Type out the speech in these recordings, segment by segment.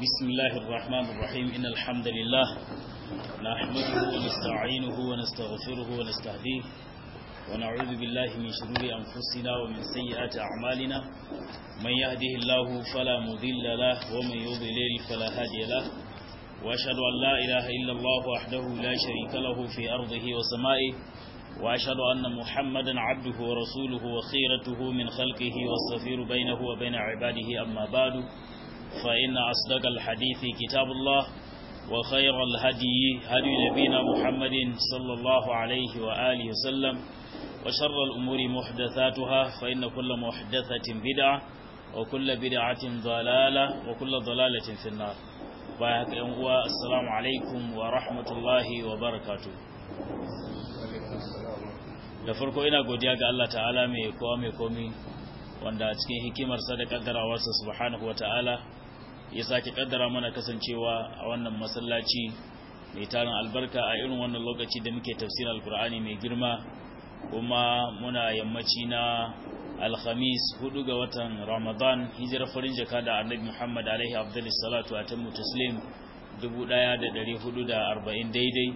بسم الله الرحمن الرحيم إن الحمد لله نحمده ونستعينه ونستغفره ونستهديه ونعوذ بالله من شرور أنفسنا ومن سيئات أعمالنا من يهده الله فلا مضل له ومن يضلل فلا هادي له وأشهد أن لا إله إلا الله وحده لا شريك له في أرضه وسمائه وأشهد أن محمدا عبده ورسوله وخيرته من خلقه والصفير بينه وبين عباده أما بعد فإن أصدق الحديث كتاب الله وخير الهدي هدي نبينا محمد صلى الله عليه وآله وسلم وشر الأمور محدثاتها فإن كل محدثة بدعة وكل بدعة ضلالة وكل ضلالة في النار بايك أنقوى السلام عليكم ورحمة الله وبركاته da farko ina godiya ga Allah ta'ala mai kowa mai komi wanda cikin hikimarsa da kaddarawarsa subhanahu wa ta'ala ya sake kaddara mana kasancewa a wannan masallaci mai tarin albarka a irin wannan lokaci da muke tafsirin alkur'ani mai girma kuma muna yammaci na alhamis hudu ga watan ramadan hijirar farin jaka da annabi muhammad alaihi abdullahi salatu a tamu taslim 1440 daidai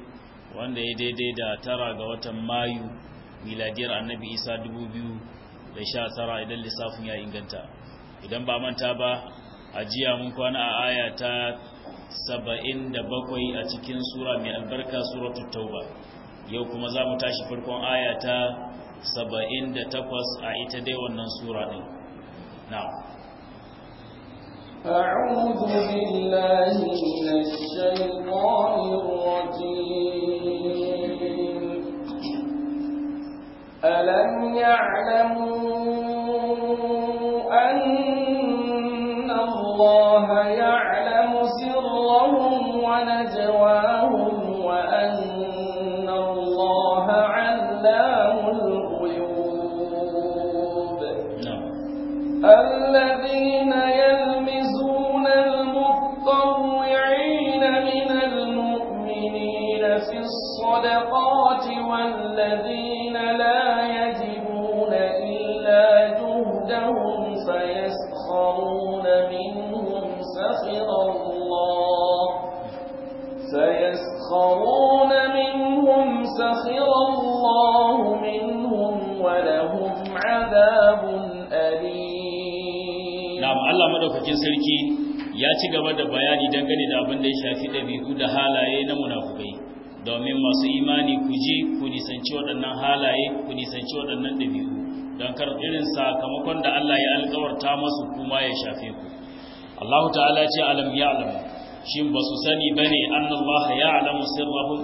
wanda ya daidai da tara ga watan mayu miladiyar annabi isa da sha tsara idan lissafin ya inganta idan ba manta ba ajiya mun kwana a aya ta 77 a cikin sura mai albarka suratul tauba yau kuma za mu tashi farkon aya ta 78 a ita dai wannan sura din na'am أعوذ بالله من الشيطان الرجيم ألم يعلموا أن نجوى ci gaba da bayani dangane da abin da ya shafi ɗabi'u da halaye na munafukai domin masu imani ku je ku nisanci waɗannan halaye ku nisanci waɗannan ɗabi'u don kar sakamakon da Allah ya alƙawarta masu kuma ya shafe ku Allah ta'ala ce alam Alamu. shin ba su sani ba ne Allah ya ya'lamu sirrahum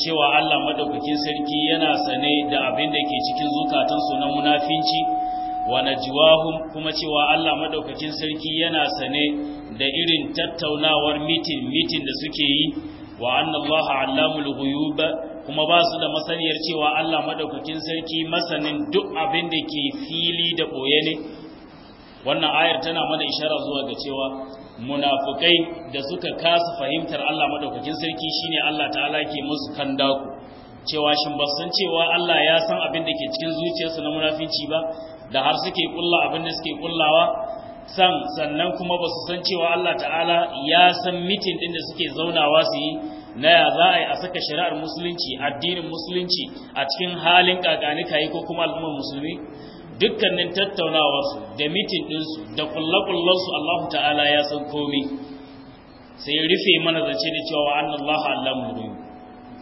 cewa Allah madaukakin sarki yana sane da abin da ke cikin zukatansu na munafinci wa najwahum kuma cewa Allah madaukakin sarki yana sane da irin tattaunawar mitin mitin da suke yi wa anna Allah allamul ghuyub kuma ba su da masaniyar cewa Allah madaukakin sarki masanin duk abin da ke fili da boye ne wannan ayar tana mana ishara zuwa ga cewa munafukai da suka kasa fahimtar Allah madaukakin sarki shine Allah ta'ala ke musu kandaku cewa shin ba san cewa Allah ya san abin da ke cikin zuciyarsu na munafinci ba da har suke kulla abin da suke kullawa san sannan kuma ba su san cewa Allah ta'ala ya san mitin din da suke zaunawa su yi na ya za a yi a saka shari'ar musulunci addinin musulunci a cikin halin kakanika yi ko kuma al'ummar musulmi dukkanin tattaunawa da mitin ɗinsu da kullakullansu Allah ta'ala ya san komi sai rufe mana zance da cewa annan Allah Allah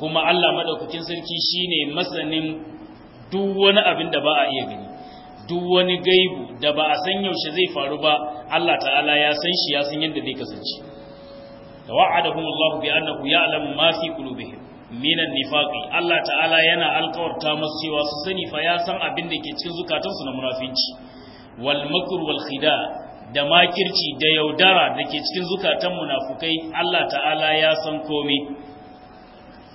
kuma Allah madaukakin sarki shine masanin duk wani abin da ba a iya gani duk wani gaibu da ba a san yaushe zai faru ba Allah ta'ala ya san shi ya san yadda zai kasance Da wa'adahum Allah bi annahu ya'lamu ma fi qulubihim minan nifaqi Allah ta'ala yana alƙawarta musu cewa su sani fa ya san abin da ke cikin zukatansu na munafinci wal makr wal khida da makirci da yaudara da ke cikin zukatan munafukai Allah ta'ala ya san komai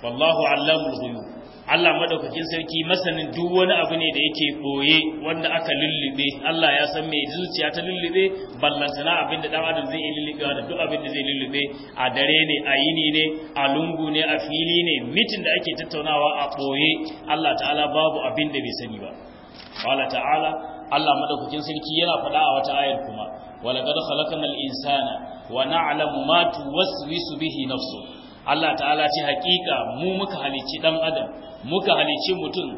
wallahu allamul ghuyub Allah madaukakin sarki masanin duk wani abu ne da yake boye wanda aka lullube Allah ya san mai zuciya ta lullube ballantana abin da dan adam zai iya lullube da duk abin da zai lullube a dare ne a yini ne a lungu ne a fili ne mitin da ake tattaunawa a boye Allah ta'ala babu abin da bai sani ba qala ta'ala Allah madaukakin sarki yana faɗa a wata ayar kuma walaqad khalaqnal insana wa na'lamu ma tuwaswisu bihi nafsuhu Allah ta'ala ce hakika mu muka halicci ɗan adam muka halicci mutum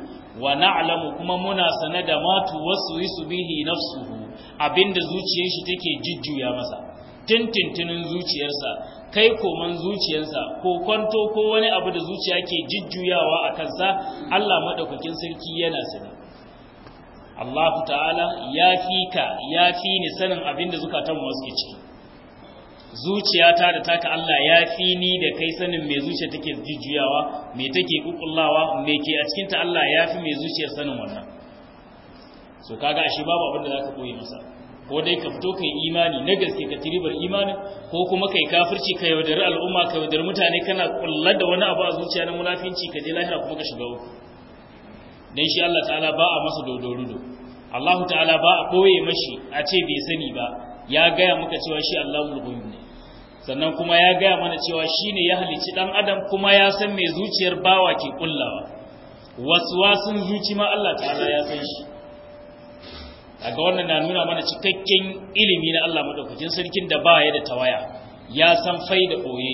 wa na'lamu kuma muna sane da wasu su bihi nafsuhu abinda zuciyar shi take jujjuya masa tintintinin zuciyarsa kai koman zuciyarsa ko kwanto ko wani abu da zuciya ke jujjuyawa a kansa Allah madaukakin sarki yana sani Allah ta'ala ya fika ya fi ni sanin abinda zukatan mu suke ciki zuciyata da taka Allah ya fi ni da kai sanin mai zuciya take jujjuyawa mai take kukullawa mai ke a cikinta Allah ya fi mai zuciyar sanin wannan so kaga ashe babu abin da ka koyi masa ko dai ka fito kai imani na gaske ka tiribar imani ko kuma kai kafirci ka yaudari al'umma ka yaudari mutane kana kullar da wani abu a zuciya na munafinci ka je lahira kuma ka shiga uku dan shi Allah ta'ala ba a masa dodorudo Allah ta'ala ba a koye mashi a ce bai sani ba ya gaya maka cewa shi Allahul Ghuyub ne sannan kuma ya gaya mana cewa shi ne ya halici ɗan adam kuma ya san mai zuciyar bawa ke ƙullawa. Wasu wasun zuci ma Allah ta'ala ya san shi daga wannan na nuna mana cikakken ilimi na Allah maɗaukacin sarkin da ba ya da tawaya ya san fai da ɓoye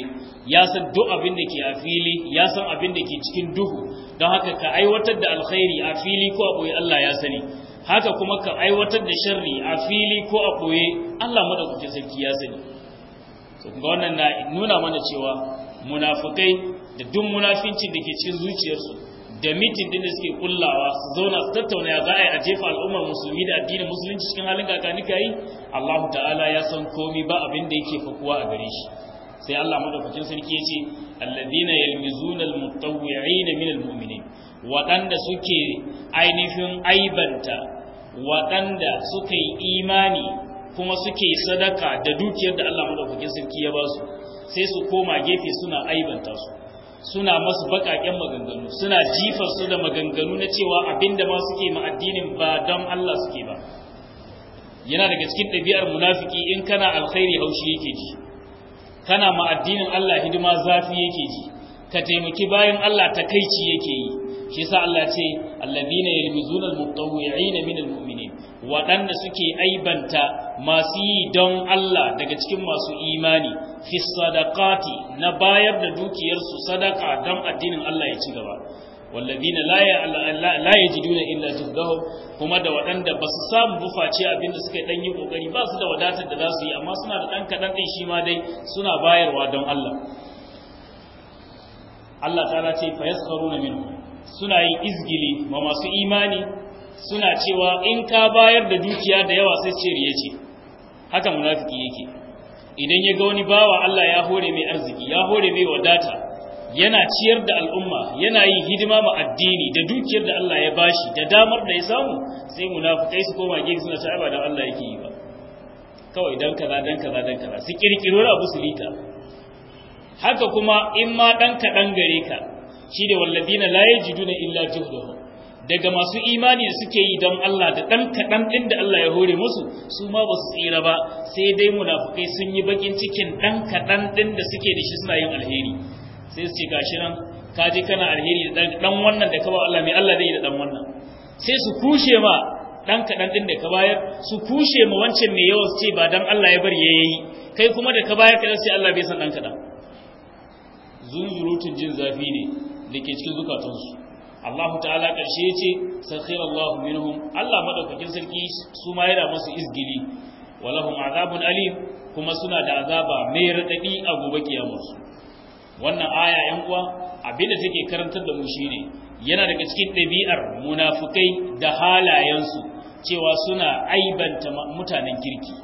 ya san duk abin da ke a fili ya san abin da ke cikin duhu don haka ka aiwatar da alkhairi a fili ko a ɓoye Allah ya sani haka kuma ka aiwatar da sharri a fili ko a ɓoye Allah maɗaukacin sarki ya sani to wannan na nuna mana cewa munafukai da duk munafincin da ke cikin zuciyarsu da mitin din da suke kullawa su zauna su tattauna ya za a yi a jefa al'ummar musulmi da addinin musulunci cikin halin ka yi Allah ta'ala ya san komi ba abin da yake fakuwa a gare shi sai Allah madaukakin sarki ya ce alladhina yalmizuna almutawwi'ina min almu'minin waɗanda suke ainihin aibanta waɗanda suka yi imani kuma suke sadaka da dukiyar da Allah madaukakin sarki ya ba su sai su koma gefe suna aibanta su suna masu bakaken maganganu suna jifar su da maganganu na cewa abinda ma suke ma addinin ba dan Allah suke ba yana daga cikin ɗabi'ar munafiki in kana alkhairi haushi yake ji kana ma addinin Allah hidima zafi yake ji ka taimaki bayan Allah takaici yake yi shi yasa Allah ce alladhina yalmizuna almutawwi'ina min almu'minin waɗanda suke aibanta masu yi don Allah daga cikin masu imani fi sadaqati na bayar da dukiyarsu sadaka don addinin Allah ya ci gaba wallazina la yajiduna illa juhdahum kuma da waɗanda ba su samu bufaci abinda suka ɗan yi kokari ba su da wadatar da za su yi amma suna da ɗan kaɗan ɗin shi ma dai suna bayarwa don Allah Allah ta'ala ce fa na minu suna yin izgili ma masu imani suna cewa in ka bayar da dukiya da yawa sai ce riye ce haka munafiki yake idan ya ga wani bawa Allah ya hore mai arziki ya hore mai wadata yana ciyar da al'umma yana yi hidima ma addini da dukiyar da Allah ya bashi da damar da ya samu sai munafikai su koma gidan suna ta ibada Allah yake yi ba kawai dan kaza dan kaza dan kaza su kirkiro a su haka kuma in ma dan dan gare ka shi da wallazina la yajiduna illa juhdahum daga masu imani da suke yi don Allah da ɗan kaɗan ɗin da Allah ya hore musu su ma ba su tsira ba sai dai munafukai sun yi bakin cikin ɗan kaɗan ɗin da suke da shi suna yin alheri sai su ce gashi nan ka je kana alheri da ɗan wannan da ka ba Allah mai Allah zai yi da ɗan wannan sai su kushe ma ɗan kaɗan ɗin da ka bayar su kushe ma wancan mai yawa su ce ba don Allah ya bar ya yi kai kuma da ka bayar ka sai Allah bai san ɗan kaɗan zunzurutun jin zafi ne da ke cikin zukatansu Allah ta'ala ƙarshe ya ce sakhirallahu minhum Allah madaukakin sarki su ma yana musu izgili walahum azabun alim kuma suna da azaba mai radadi a gobe kiyamarsu wannan aya yan uwa abinda take karantar da mu shine yana daga cikin ɗabi'ar munafukai da halayensu cewa suna aibanta mutanen kirki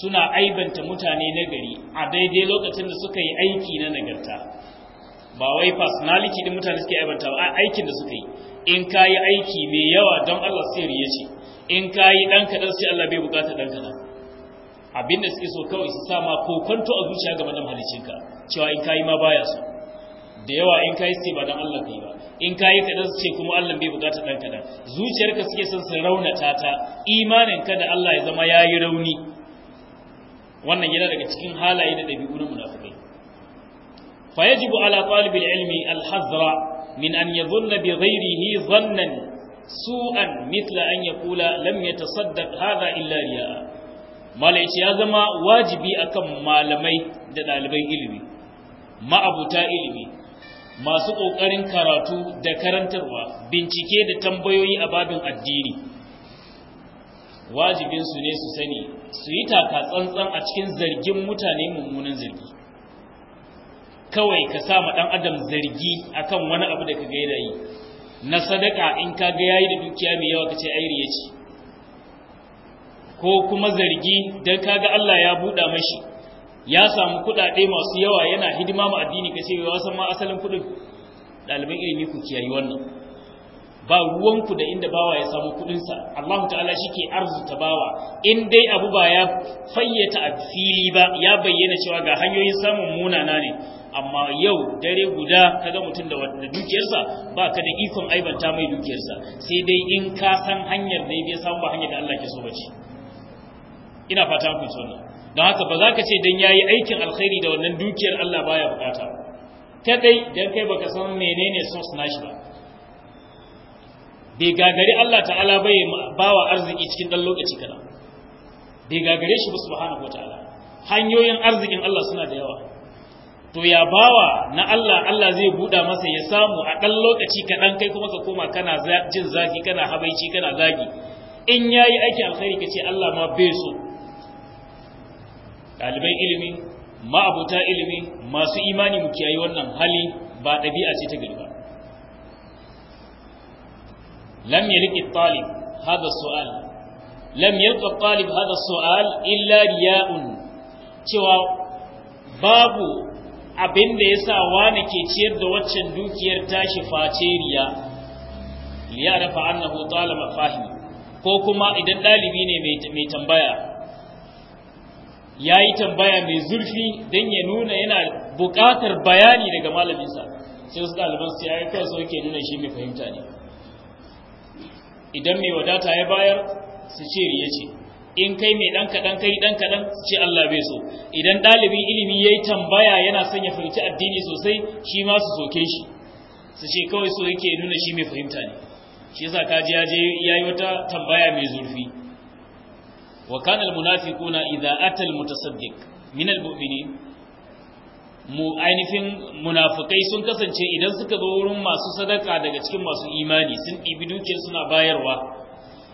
suna aibanta mutane nagari a daidai lokacin da suka yi aiki na nagarta ba wai personality din mutane suke aibanta ba aikin da suka yi in yi aiki mai yawa don Allah sai riye ce in kayi dan kadan sai Allah bai bukata dan kadan da suke so kawai su sa ma kokonto a zuciya game da mahalicinka cewa in yi ma baya so da yawa in yi sai ba dan Allah kai ba in kayi kadan su ce kuma Allah bai bukata dan kadan zuciyarka suke son su raunata ta imanin ka da Allah ya zama yayi rauni wannan yana daga cikin halaye da dabi'u na munafiki فيجب على طالب العلم الحذر من أن يظن بغيره ظنا سوءا مثل أن يقول لم يتصدق هذا إلا رياء malaici ya zama wajibi akan malamai da ɗalibai ilimi ma'abuta ilimi masu ƙoƙarin karatu da karantarwa bincike da tambayoyi a babin addini wajibinsu ne su sani su yi taka tsantsan a cikin zargin mutane mummunan zargi kawai ka sa ma dan adam zargi akan wani abu da ka ga yi na sadaka in ka ga yayi da dukiya mai yawa kace airi yace ce ko kuma zargi dan ga Allah ya buɗa mashi ya samu kuɗaɗe masu yawa yana hidima ma addini kace wai wasan ma asalin kuɗin ɗaliban ilimi ku kiyayi wannan ba ruwanku da inda bawa ya samu kudinsa Allah ta'ala shi ke arzuta bawa in dai abu ba ya fayyata a fili ba ya bayyana cewa ga hanyoyin samun munana ne amma yau dare guda kaga mutum da dukiyarsa ba ka da ikon aibanta mai dukiyarsa sai dai in ka san hanyar da ya samu ba hanyar da Allah ke so ba ce ina fata ku sunna don haka ba za ka ce dan yayi aikin alkhairi da wannan dukiyar Allah baya bukata dai dan kai baka san menene source shi ba bai gagari Allah ta'ala bai bawa arziki cikin dan lokaci kana bai gagare shi ba subhanahu wataala hanyoyin arzikin Allah suna da yawa to ya bawa na Allah Allah zai buda masa ya samu a dan lokaci kaɗan kai kuma ka koma kana jin zafi kana habaici kana zagi in yayi aiki alkhairi kace Allah ma bai so Dalibai ilimi ma'abota ilimi masu imani mu kiyayi wannan hali ba ɗabi'a ce ta gari lam yalqi talib hada su'al lam yalqa talib hada su'al illa riya'un cewa babu abin da yasa wani ke ciyar da waccan dukiyar tashi face riya liya rafa annahu talaba fahimi ko kuma idan ɗalibi ne mai tambaya ya yi tambaya mai zurfi don ya nuna yana buƙatar bayani daga malaminsa sai wasu ɗaliban su ya yi kai so ke nuna shi mai fahimta ne idan mai wadata ya bayar su ce riya ce in kai mai dan kaɗan kai dan kaɗan, su ce Allah bai so idan ɗalibin ilimi yayi tambaya yana son ya fahimci addini sosai shi ma su soke shi su ce kawai so yake nuna shi mai fahimta ne shi yasa kaji ya je yayi wata tambaya mai zurfi wa kana na idza atal mutasaddiq min al-mu'minin mu ainihin munafukai sun kasance idan suka zo wurin masu sadaka daga cikin masu imani sun ɗibi dukiyar suna bayarwa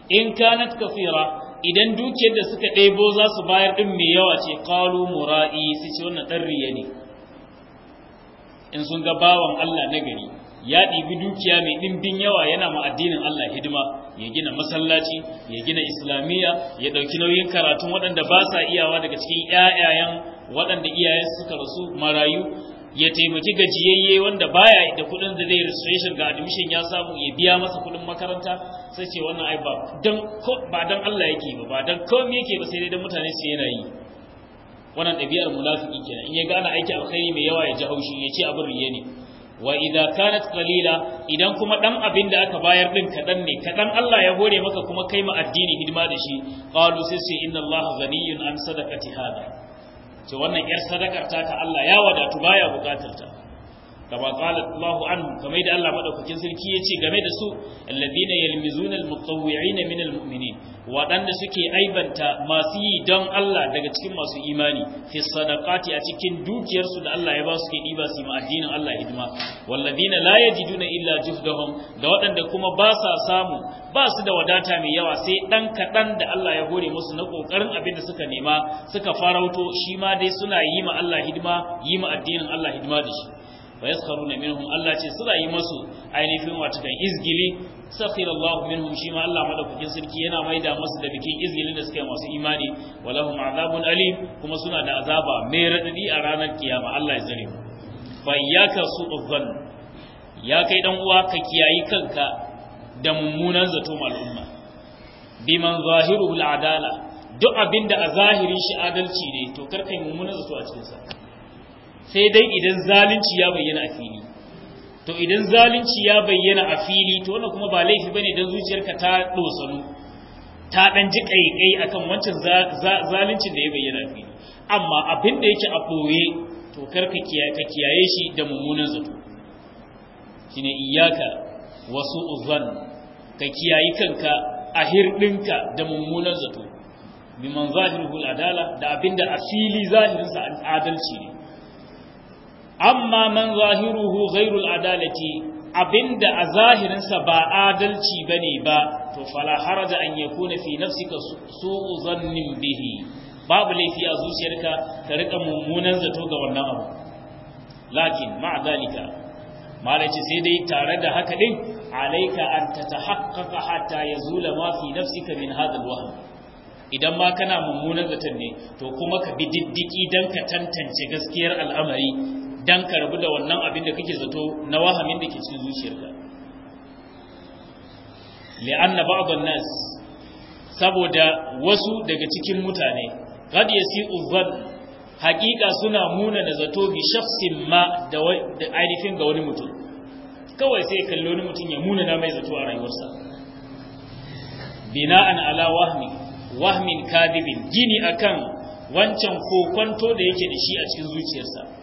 in kanat kafira idan dukiyar da suka ɗebo za su bayar ɗin mai yawa ce qalu mura'i su ce wannan ɗan riya ne in sun ga bawan Allah na gari ya ɗibi dukiya mai ɗimbin yawa yana ma addinin Allah hidima ya gina masallaci ya gina islamiyya ya ɗauki nauyin karatun waɗanda ba sa iyawa daga cikin ƴaƴayen waɗanda iyayen suka rasu marayu ya taimaki gajiyayye wanda baya da kuɗin da zai registration ga admission ya samu ya biya masa kuɗin makaranta sai ce wannan ai ba dan ba dan Allah yake ba ba dan komai yake ba sai dai dan mutane su yana yi wannan ɗabi'ar munafiki kenan in ya gane aiki alkhairi mai yawa ya ji haushi ya ce abin riye ne wa idza kanat qalila idan kuma dan abin da aka bayar din kadan ne kadan Allah ya hore maka kuma kai ma addini hidima da shi qalu sai sai inna Allah ghaniyun an sadaqati hada ce wannan yar sadakar ta ta Allah ya wadatu baya bukatar ta kama qala Allah anhu kamar da Allah madaukakin sarki ce game da su alladhina yalmizuna almutawwi'in min almu'minin wadanda suke aibanta masu yi don Allah daga cikin masu imani fi a cikin dukiyarsu da Allah ya ba su ke diba su ma addinin Allah hidima walladhina la yajiduna illa juhdahum da wadanda kuma basa sa samu ba su da wadata mai yawa sai dan kadan da Allah ya hore musu na kokarin abin da suka nema suka farauto shi ma dai suna yi ma Allah hidima yi ma addinin Allah hidima da shi wa yaskharuna minhum Allah ce suna yi masu ainihin wato kan izgili sakhirallahu minhum shi ma Allah madaukakin sarki yana maida masu da bikin izgilin da suka yi masu imani walahum azabun alim kuma suna da azaba mai radadi a ranar kiyama Allah ya zare mu fa iyyaka su'udh ya kai dan uwa ka kiyayi kanka da mummunan zato al'umma biman zahiruhu al'adala duk abinda a zahirin shi adalci ne to karkai mummunan zato a cikin sa sai dai idan zalunci ya bayyana a fili to idan zalunci ya bayyana a fili to wannan kuma ba laifi bane dan zuciyarka ta dosanu ta dan ji kaikai akan wancan zalunci da ya bayyana a fili amma abin da yake a boye to karka ka kiyaye shi da mummunan zato shine iyyaka wasu uzan ka kiyayi kanka a hirdinka da mummunan zato bi zahirul adala da abinda a fili zahirinsa adalci ne amma man zahiruhu ghairul adalati abinda a zahirinsa ba adalci bane ba to fala haraja an yakuna fi nafsika su'u zannin bihi babu laifi a zuciyarka ka rika mummunan zato ga wannan abu lakin ma'a dalika malaci sai dai tare da haka din alaika an tatahaqqaqa hatta yazula ma fi nafsika min hadha alwahm idan ma kana mummunan zaton ne to kuma ka bi diddiki dan ka tantance gaskiyar al'amari dan ka rabu da wannan abin da kake zato na wahamin da ke cikin zuciyarka li'anna ba'dhan nas saboda wasu daga cikin mutane qad yasi'u dhann haqiqa suna muna da zato bi shakhsin ma da ainihin ga wani mutum kawai sai kallo wani mutum ya muna na mai zato a rayuwarsa bina'an ala wahmi wahmin kadibin gini akan wancan kokonto da yake da shi a cikin zuciyarsa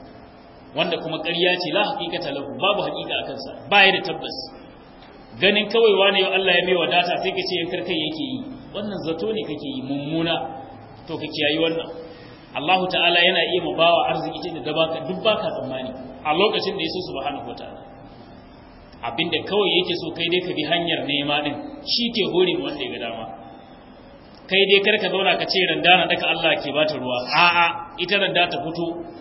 wanda kuma ƙarya ce la haqiqata lahu babu a kansa. Ba ya da tabbas ganin kawai wani Allah ya mai data sai ka ce yankar kai yake yi wannan zato ne kake yi mummuna to ka kiyayi wannan Allah ta'ala yana iya ma bawa arziki cikin da baka duk baka tsammani a lokacin da ya so subhanahu wataala abinda kawai yake so kai dai ka bi hanyar nema din shi ke hore wanda ya ga dama kai dai karka zauna ka ce randa na daka Allah ke bata ruwa a'a ita randa ta fito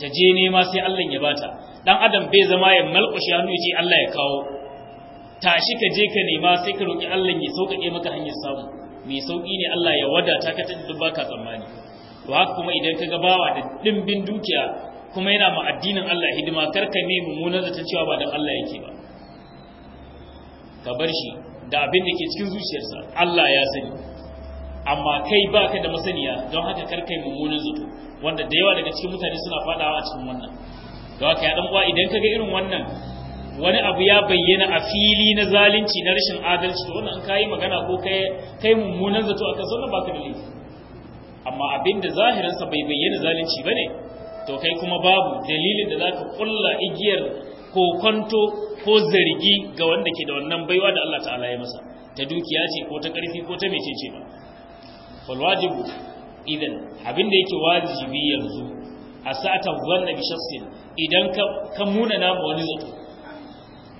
ta je nema sai Allah ya bata dan adam bai zama ya malƙushi hannu ya ce Allah ya kawo tashi ka je ka nema sai ka roki Allah ya sauƙaƙe maka hanyar samu mai sauƙi ne Allah ya wadata ka ta duk baka tsammani to haka kuma idan ka ga bawa da dimbin dukiya kuma yana ma addinin Allah hidima kar karka ne mummunan zaton cewa ba dan Allah yake ba ka bar shi da abin da ke cikin zuciyarsa Allah ya sani amma kai ba ka da masaniya don haka kar kai mummunan zato wanda da yawa daga cikin mutane suna fadawa a cikin wannan don haka ya dan uwa idan kaga irin wannan wani abu ya bayyana a fili na zalunci na rashin adalci to wannan kai magana ko kai kai mummunan zato akan sannan baka da laifi amma abin zahirin sa bai bayyana zalunci bane to kai kuma babu dalilin da zaka kulla igiyar ko kwanto ko zargi ga wanda ke da wannan baiwa da Allah ta'ala ya masa ta dukiya ce ko ta karfi ko ta mecece ba falwajibu idan abinda yake wajibi yanzu a sa'atan zanna bi idan ka muna nama wani zato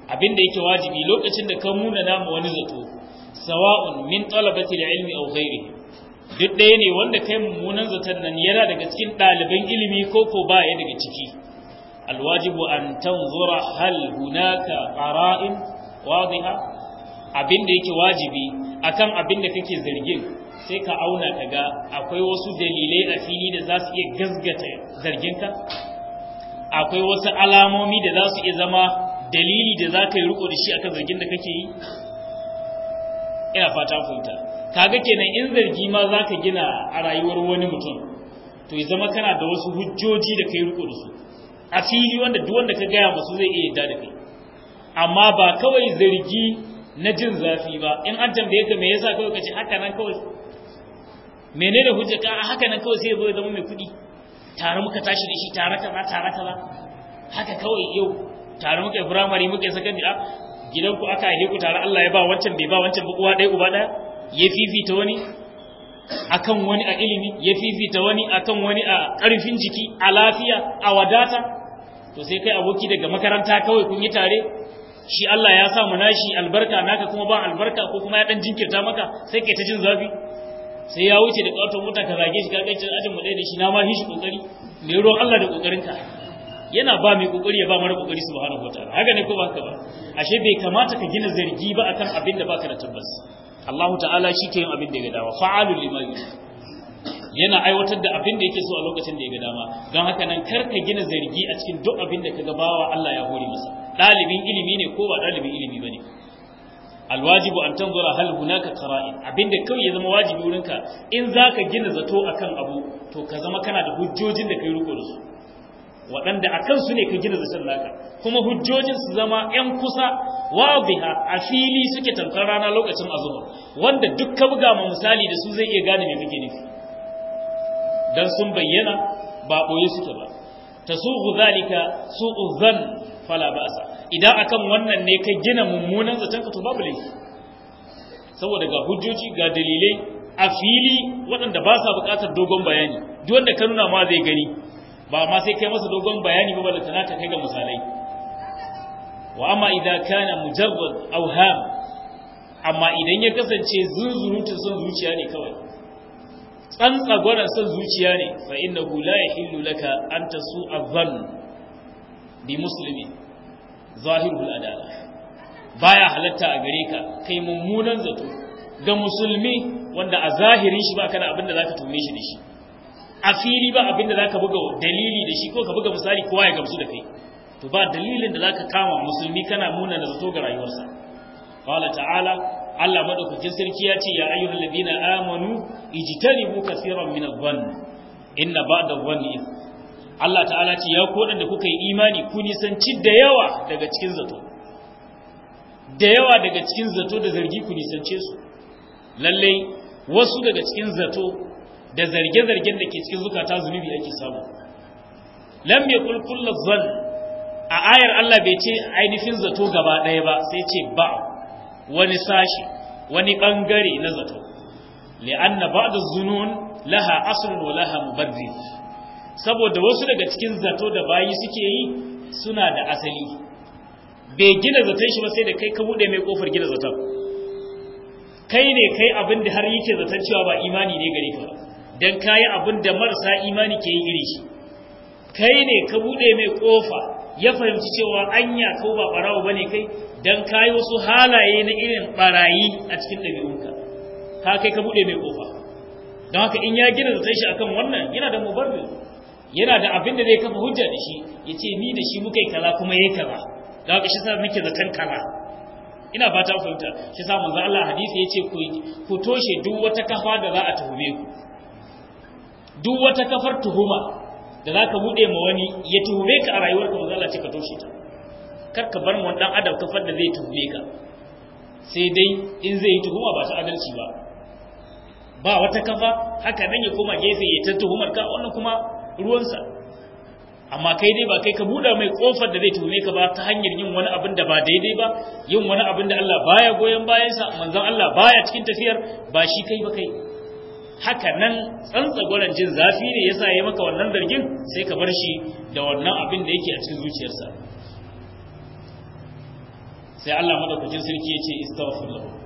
abinda yake wajibi lokacin da ka muna nama wani zato sawa'un min talabati ilmi aw duk ɗaya ne wanda kai mummunan zaton nan yana daga cikin ɗaliban ilimi ko ko baya ya daga ciki alwajibu an tanzura hal hunaka qara'in wadiha abin da yake wajibi akan abin da kake zargin sai ka auna ka ga akwai wasu dalilai a fili da za su iya gazgata zarginka akwai wasu alamomi da za su iya zama dalili da za ka yi riko da shi akan zargin da kake yi ina fata fahimta kaga kenan in zargi ma za ka gina a rayuwar wani mutum to ya zama kana da wasu hujjoji da ka yi riko da su a fili wanda duk wanda ka gaya masu zai iya yarda da kai amma ba kawai zargi na jin zafi ba in an tambaye ka me yasa kawai ka ce haka nan kawai Mene ne hujja ka haka nan kawai sai zo zama mai kuɗi tare muka tashi da shi tare kaza tare ba. haka kawai yau tare muka primary muka saka sakandare gidan ku aka haife ku tare Allah ya ba wancan bai ba wancan ba uwa ɗaya uba ɗaya ya fifita wani akan wani a ilimi ya fifita wani akan wani a karfin jiki a lafiya a wadata to sai kai aboki daga makaranta kawai kun yi tare shi Allah ya sa mu nashi albarka naka kuma ba albarka ko kuma ya dan jinkirta maka sai kai ta jin zafi sai ya wuce da kawato mota ka zage shi kaga cin ajin mu da shi na ma shi kokari ne ruwan Allah da kokarin ka yana ba mai kokari ya ba mara kokari subhanahu wataala haka ne ko ba ka ba ashe bai kamata ka gina zargi ba akan abin da baka da tabbas Allah ta'ala shi ke yin abin da ya ga dama fa'alu lima yana aiwatar da abin da yake so a lokacin da ya ga dama don haka nan kar ka gina zargi a cikin duk abin da ka ga bawa Allah ya hore masa ɗalibin ilimi ne ko ba ɗalibin ilimi bane alwajibu an tanzura hal hunaka qara'in abinda kawai ya zama wajibi wurinka in za ka gina zato akan abu to ka zama kana da hujjojin da kai riko da su waɗanda a kansu ne ka gina zaton naka kuma hujjojin su zama 'yan kusa wadiha a fili suke tamkar rana lokacin azuma wanda duk ka buga ma misali da su zai iya gane mai kake nufi dan sun bayyana ba ɓoye suke ba tasughu zalika su'u dhann fala ba'sa idan akan wannan ne ka gina mummunan zaton ka to babu laifi saboda ga hujjoji ga dalilai a fili waɗanda ba sa buƙatar dogon bayani duk wanda ka nuna ma zai gani ba ma sai kai masa dogon bayani ba tana ta kai ga misalai wa amma idan kana mujarrad awham amma idan ya kasance zunzurutun son zuciya ne kawai son zuciya ne fa innahu la yahillu laka an tasu adh bi muslimin zahirul adala baya halatta a gare ka kai mummunan zato ga musulmi wanda a zahirin shi ba kana abin da zaka tume shi da shi a fili ba abin da zaka buga dalili dashi shi ko ka buga misali kowa ya gamsu da kai to ba dalilin da zaka kama musulmi kana muna da zato ga rayuwarsa qala ta'ala Allah madaukakin sarki ya ce ya ayyuhal ladina amanu ijtanibu kaseeran min adh-dhann inna ba'da adh-dhanni Allah ta'ala ce ya kodan da kuka yi imani ku nisanci da yawa daga cikin zato da yawa daga cikin zato da zargi ku nisance su lallai wasu daga cikin zato da zarge-zargen da ke cikin zukata zunubi ake samu lam yaqul kullu a ayar Allah bai ce ainihin zato gaba ɗaya ba sai ce ba wani sashi wani bangare na zato li'anna ba'd az-zunun laha aslun wa laha mubaddil saboda wasu daga cikin zato da bayi suke yi suna da asali bai gina zaton shi ba sai da kai ka bude mai kofar gina zaton kai ne kai abin da har yake zaton cewa ba imani ne gare ka don kayi abin da marasa imani ke yi iri shi kai ne ka bude mai kofa ya fahimci cewa anya ko ba barawo bane kai dan kai wasu halaye na irin barayi a cikin dabi'unka ka kai ka bude mai kofa don haka in ya gina zaton shi akan wannan yana da mubarrir yana da abin da zai kafa hujja da shi ya ce ni da shi muka yi kaza kuma ya yi kaza da haka shi sa muke zaton kaza ina fata fahimta shi sa manzo Allah hadisi ya ce ku toshe duk wata kafa da za a tuhume ku duk wata kafar tuhuma da za ka bude ma wani ya tuhume ka a rayuwarka manzo Allah ce ka toshe ta kar ka bar mu dan adam kafar da zai tuhume ka sai dai in zai yi tuhuma ba ta adalci ba ba wata kafa haka nan ya koma gefe ya ta tuhumar ka wannan kuma ruwansa amma kai dai ba kai ka buda mai ƙofar da zai tume ka ba ta hanyar yin wani abin da ba daidai ba yin wani abin da Allah baya goyon sa manzon Allah baya cikin tafiyar ba shi kai ba kai haka nan tsantsagwaren jin zafi ne yasa ya maka wannan zargin sai ka bar shi da wannan abin da yake a cikin zuciyarsa sai Allah madaukakin sarki ya ce istaghfir lahum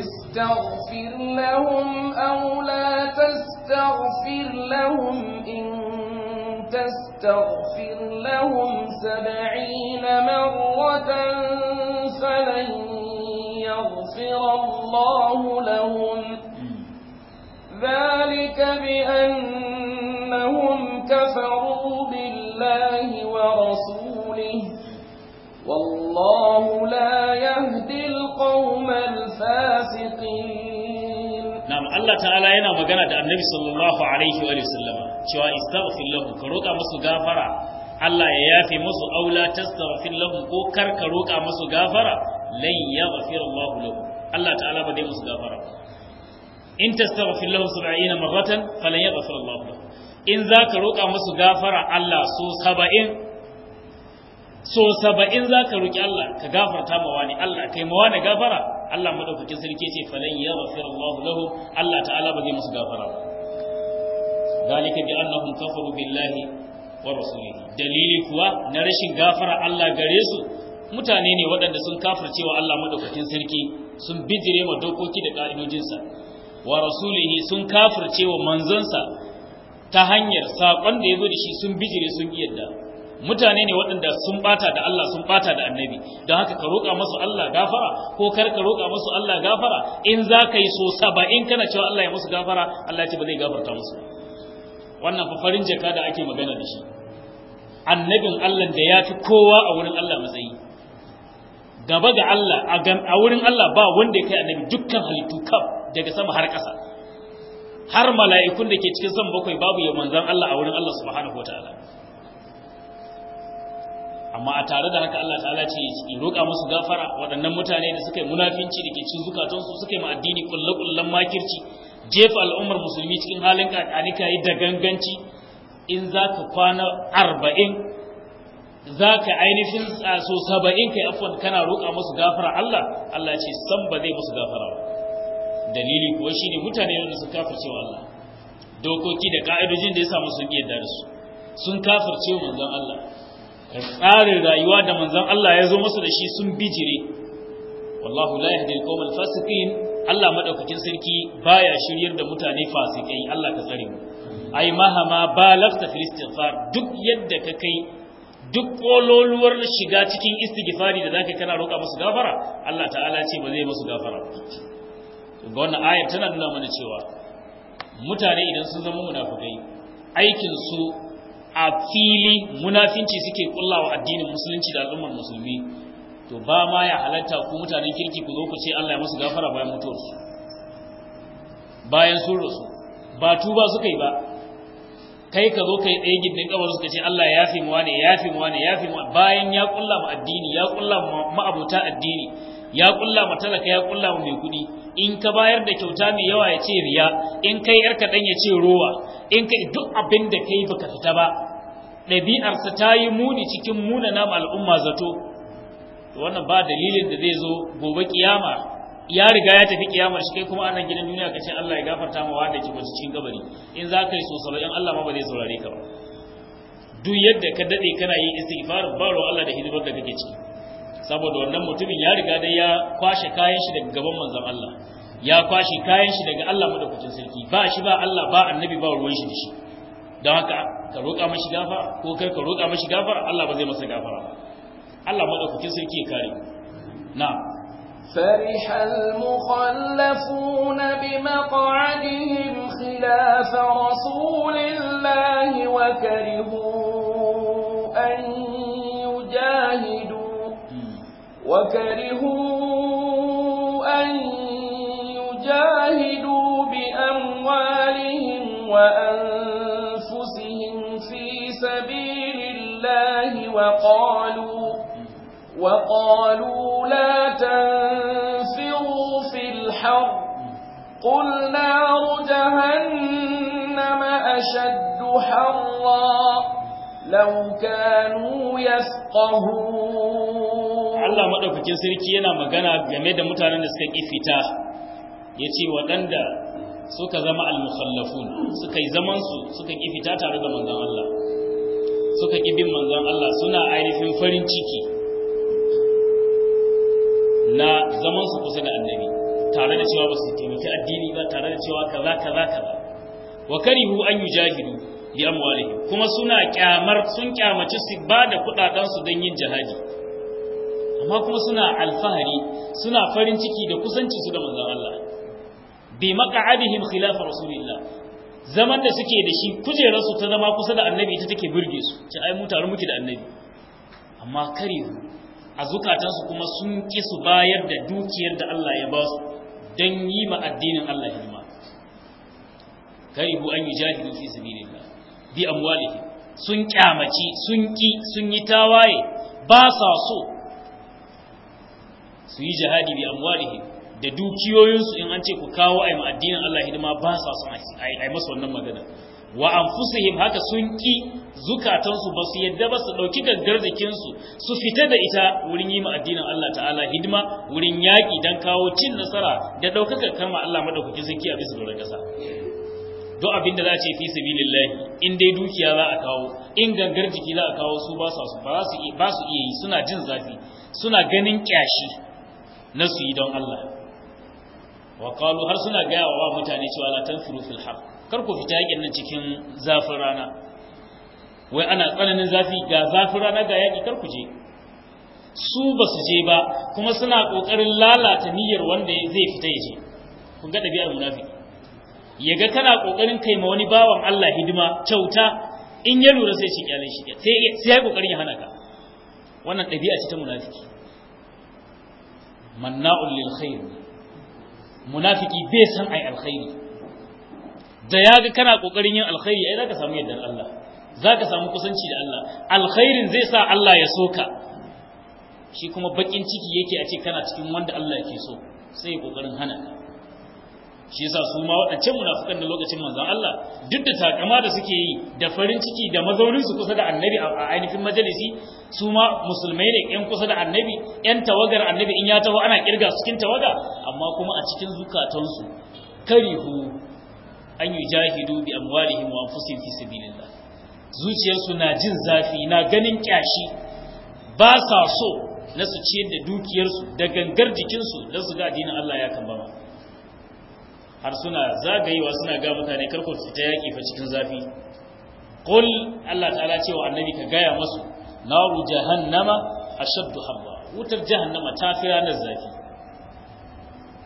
istaghfir lahum aw la tas تستغفر لهم إن تستغفر لهم سبعين مرة فلن يغفر الله لهم ذلك بأنهم كفروا بالله ورسوله والله لا يهدي القوم الفاسقين Allah ta'ala yana magana da annabi sallallahu alaihi wa sallama cewa istaghfir lahu ka roƙa musu gafara Allah ya yafe musu aula tastaghfir lahu ko kar ka roƙa musu gafara lan yaghfir Allah lahu Allah ta'ala ba dai musu gafara in tastaghfir lahu 70 marratan falan yaghfir Allah lahu in zaka roƙa musu gafara Allah so 70 so saba'in za ka roƙi Allah ka gafarta ma wani Allah kai ma wani gafara Allah madaukakin sarki ce falan ya ghafira Allah lahu Allah ta'ala ba zai musu gafara ba dalika bi annahum kafaru billahi wa rasulihi dalili kuwa na rashin gafara Allah gare su mutane ne waɗanda sun cewa Allah maɗaukakin sarki sun bijire ma dokoki da ka'idojinsa wa rasulihi sun cewa manzansa ta hanyar saƙon da ya zo da shi sun bijire sun yadda. mutane ne waɗanda sun bata da Allah sun bata da annabi don haka ka roƙa masu Allah gafara ko kar ka roƙa masu Allah gafara in za ka yi so in kana cewa Allah ya masu gafara Allah ya ce ba zai gafarta musu wannan fa farin jaka da ake magana da shi annabin Allah da ya fi kowa a wurin Allah matsayi gaba ga Allah a wurin Allah ba wanda ya kai annabi dukkan halittu kaf daga sama har ƙasa har mala'ikun da ke cikin sama bakwai babu ya manzan Allah a wurin Allah subhanahu wataala amma a tare da haka Allah ta'ala ce in roƙa musu gafara waɗannan mutane da suka yi munafinci da ke cin su suka yi ma addini kullakullan makirci jefa al'ummar musulmi cikin halin kakanika yi da ganganci in za ka kwana arba'in za ka ainihin so saba'in kai afon kana roƙa musu gafara Allah Allah ce san ba zai musu gafara ba dalili kuwa shine mutane da sun kafirce wa Allah dokoki da ka'idojin da ya sa sun iya da sun kafirce manzon Allah da tsarin rayuwa da manzan Allah ya zo masu da shi sun bijire wallahu la yahdi al fasiqin Allah madaukakin sarki baya shiryar da mutane fasikai Allah ka tsare mu ai mahama balagta fil istighfar duk yadda ka kai duk kololuwar shiga cikin istighfari da zaka kana roƙa musu gafara Allah ta'ala ce ba zai musu gafara ga wannan ayar tana nuna mana cewa mutane idan sun zama munafikai aikin su a fili munafinci suke wa addinin musulunci da al'ummar musulmi to ba ma ya halatta ku mutanen kirki ku zo ku ce Allah ya musu gafara bayan mutuwar su. bayan sun rasu ba tuba suka yi ba kai ka zo kai ɗaya gindin kabar suka ce Allah ya yafi mu ne ya yafi mu ne ya yafi mu bayan ya kulla mu addini ya kulla mu ma'abuta addini ya kulla mu talaka ya kulla mu mai kuɗi in ka bayar da kyauta mai yawa ya ce riya in kai yar kaɗan ya ce rowa in kai duk abin da kai baka fita ba ɗabi'arsa ta yi muni cikin munana al'umma zato wannan ba dalilin da zai zo gobe kiyama ya riga ya tafi kiyama shi kai kuma anan gidan duniya ce Allah ya gafarta ma wanda ke gwaji cikin gabari in za ka yi so in Allah ma ba zai saurare ka ba duk yadda ka daɗe kana yi istighfar ba ruwa Allah da hidimar da kake ciki saboda wannan mutumin ya riga dai ya kwashe kayan shi daga gaban manzon Allah ya kwashe kayan shi daga Allah madaukakin sarki ba shi ba Allah ba annabi ba ruwan shi da shi don haka ka roƙa mashi gafara ko kai ka roƙa mashi gafara Allah ba zai masa gafara ba Allah madaukakin sarki ya kare na فرح المخلفون بمقعدهم خلاف رسول الله وكرهوا أن يجاهدوا وكرهوا أن يجاهدوا بأموالهم وأنفسهم الله وقالوا وقالوا لا تنفروا في الحر قل نار جهنم أشد حرا لو Allah madaukakin sarki yana magana game da mutanen da suka kifita yace waɗanda suka zama al-mukhallafun suka yi zaman suka kifita tare da manzon suka ƙi bin manzon Allah suna ainihin farin ciki na zaman su kusa da annabi tare da cewa ba su taimaki addini ba tare da cewa kaza kaza kaza wa karihu an yujahidu bi amwalihim kuma suna kyamar sun kyamaci su ba da kudaden su don yin jihadi amma kuma suna alfahari suna farin ciki da kusanci su da manzon Allah bi maq'adihim khilaf rasulillah zaman da suke da shi kujerarsu ta zama kusa da annabi ita take burge su ce ai mu tare muke da annabi amma kare a zukatansu kuma sun ki su bayar da dukiyar da Allah ya ba su don yi ma addinin Allah hidima bu an yujahidu fi sabilillah bi amwalihi sun kyamaci sun ki sun yi tawaye ba sa so su yi jihadi bi amwalihi da dukiyoyinsu in an ce ku kawo a yi addinin Allah hidima ba sa son yi masa wannan magana wa anfusihim haka sun ki zukatansu ba su yadda ba su ɗauki gangar jikinsu su fita da ita wurin yi ma addinin Allah ta'ala hidima wurin yaki don kawo cin nasara da ɗaukakar kama Allah madaukaki zaki a bisa doron Don abin da za a ce fi sabilillahi in dai dukiya za a kawo in gangar jiki za a kawo su ba su iya yi suna jin zafi suna ganin ƙyashi na su yi don Allah wa kalu har suna gaya wa mutane cewa la tanfuru fil har kar ku fita yakin nan cikin zafin rana wai ana tsananin zafi ga zafin rana ga yaki kar ku je su ba su je ba kuma suna kokarin lalata niyyar wanda zai fita ya je kun ga dabi'ar munafiki yaga kana kokarin kai ma wani bawan Allah hidima kyauta in ya lura sai shi kyalen shi sai sai ya kokarin ya hana ka wannan dabi'a ce ta munafiki manna'ul lil khair munafiki bai san ai alkhairi da yaga kana kokarin yin alkhairi ai zaka samu yaddan Allah zaka samu kusanci da Allah alkhairin zai sa Allah ya soka shi kuma bakin ciki yake a ce kana cikin wanda Allah yake so sai kokarin hana ka shi yasa su ma waɗancan munafukan da lokacin manzon Allah duk da takama da suke yi da farin ciki da mazaunin su kusa da annabi a ainihin majalisi su ma musulmai ne yan kusa da annabi yan tawagar annabi in ya taho ana kirga su cikin tawaga amma kuma a cikin su karihu an yi jahidu bi amwalihim wa anfusihim fi sabilillah zuciyarsu na jin zafi na ganin kyashi ba sa so na su ciyar da dukiyarsu da gangar jikin su don su ga addinin Allah ya kambama har suna zagayewa suna ga mutane karku fita yaki fa cikin zafi qul Allah ta'ala cewa annabi ka gaya masu naru jahannama ashaddu habba wutar jahannama ta fi ranar zafi